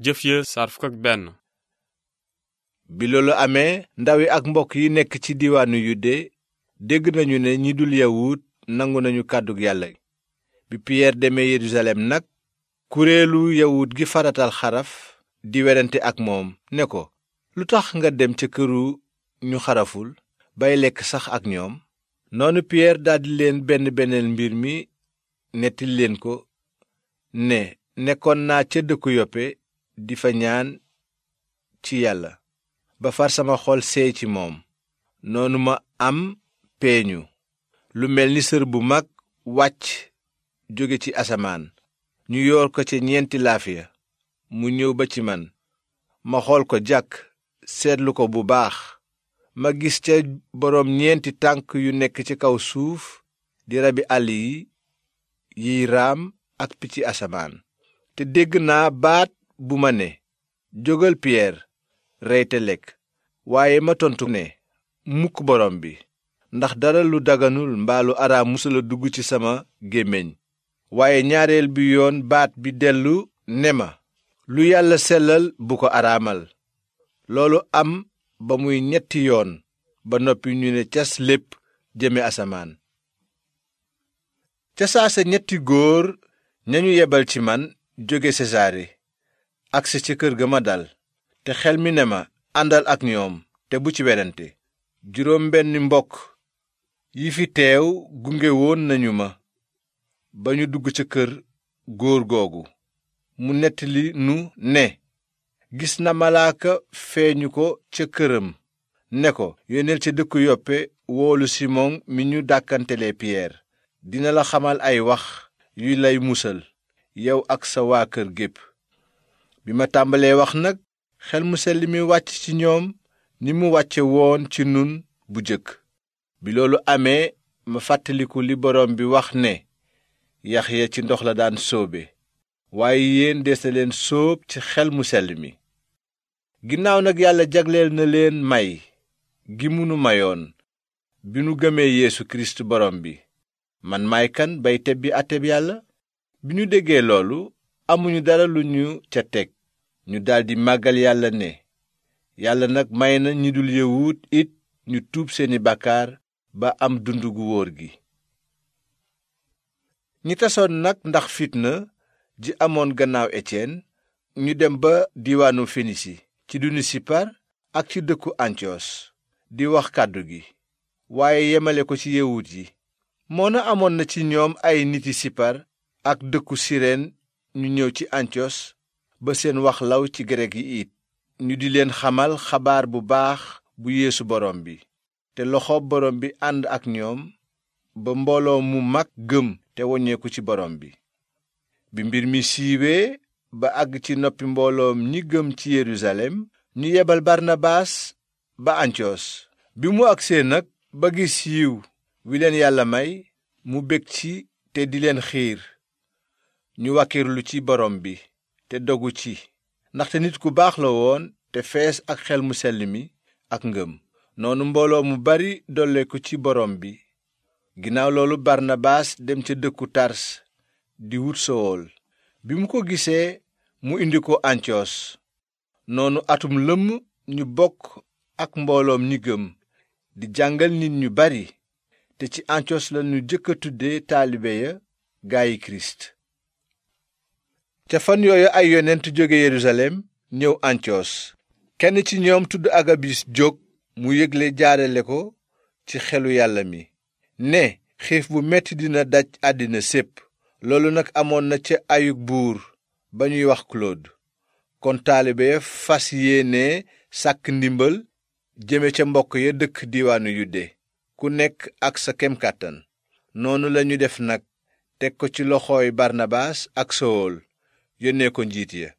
jëf ya benn bi loolu amee ndawi ak mbokk yi nekk ci diiwaanu yude dégg nañu ne ñi dul yawut nangu nañu kàddu yàlla bi piyeer demee yerusalem nag kuréelu yawut gi faratal xaraf di werante ak moom ne ko lu tax nga dem ca këru ñu xaraful bay lekk sax ak ñoom noonu piyeer daldi leen benn beneen mbir mi nettali leen ko ne nekkoon naa ca dëkku yoppe di fa ñaan ci yàlla ba far sama xol seey ci moom noonu ma am peeñu lu mel ni sër bu mag wàcc jóge ci asamaan ñu yoor ko ci ñeenti laafiya mu ñëw ba ci man ma xool ko jàkk seetlu ko bu baax ma gis ca boroom ñeenti tànk yu nekk ci kaw suuf di rabi àll yi yiy raam ak picc asamaan te dégg naa baat bu ma ne jógal piyeer rey te lekk waaye ma tontu ne mukk borom bi ndax dara lu daganul mbaalu araam musula dugg ci sama gémmiñ waaye ñaareel bi yoon baat bi dellu ne ma lu yàlla sellal bu ko araamal loolu am ba muy ñetti yoon ba noppi ñu ne cas lépp jëme asamaan ca saasa ñetti góor ñañu yebal ci man jóge sesaare agsi ci kër ga ma dal te xel mi ne ma àndal ak ñoom te bu ci werante juróom benn mbokk yi fi teew gunge woon nañu ma ba ñu dugg ca kër góor googu mu nettali nu ne gis na malaaka feeñu ko ca këram ne ko yónneel ca dëkku yoppe woolu simon mi ñu dàkkantelee piyeer dina la xamal ay wax yu lay musal yow ak sa waa kër gépp bi ma tàmbalee wax nag xel mu selli mi wàcc ci ñoom ni mu wàcce woon ci nun bu jëkk bi loolu amee ma fàttaliku li borom bi wax ne Yaxya ci ndox la daan sóobe waaye yeen des na leen sóob ci xel mu sell mi ginnaaw nag yàlla jagleel na leen may gi mënu mayoon bi nu gëmee yéesu Kirist borom bi man maay kan bay bi àtteb yàlla bi ñu déggee loolu amuñu dara lu ñu ca teg ñu daldi màggal yàlla ne yàlla nag may na ñi dul yëwut it ñu tuub seeni bàkkaar ba am dund gu wóor gi ñi tasoon nag ndax fitna ji amoon gannaaw Étienne ñu dem ba diwaanu Fenisi ci duni Sipar ak ci dëkku Antiyos di wax kàddu gi waaye yemale ko ci yëwut yi moona amoon na ci ñoom ay niti Sipar ak dëkku Sireen ñu ñëw ci antiyos ba seen wax law ci grek yi it ñu di leen xamal xabaar bu baax bu yéesu borom bi te loxoob borom bi ànd ak ñoom ba mbooloo mu mag gëm te woññeeku ci borom bi bi mbir mi siiwee ba àgg ci noppi mbooloom ñi gëm ci yerusalem ñu yebal barnabaas ba antiyos bi mu agsee nag ba gis yiw wi leen yàlla may mu bég ci te di leen xiir ñu wàkkirlu ci borom bi te dogu ci ndaxte nit ku baax la woon te fees ak xel mu sell mi ak ngëm noonu mbooloo mu bari dolleeku ci borom bi ginnaaw loolu barnabaas dem ca dëkku tars di wut sowol bi mu ko gisee mu indi ko antiyos noonu atum lëmm ñu bokk ak mbooloom ñi gëm di jàngal nit ñu bari te ci antiyos lañu jëkk a tudde taalibe ya gaayi kirist ca fan yooyu ay yonent jóge yerusalem ñëw antiyos kenn ci ñoom tudd agabis jóg mu yégle jaarale ko ci xelu yàlla mi ne xiif bu metti dina daj àddina sépp loolu nag amoon na ca ayug buur ba ñuy wax claude kon taalibe ya fas yéene sàkk ndimbal jëme ca mbokk ya dëkk diiwaanu yudde ku nekk ak sa kem kàttan noonu lañu def nag teg ko ci loxooy barnabaas ak sowol yónnee ko njiit ya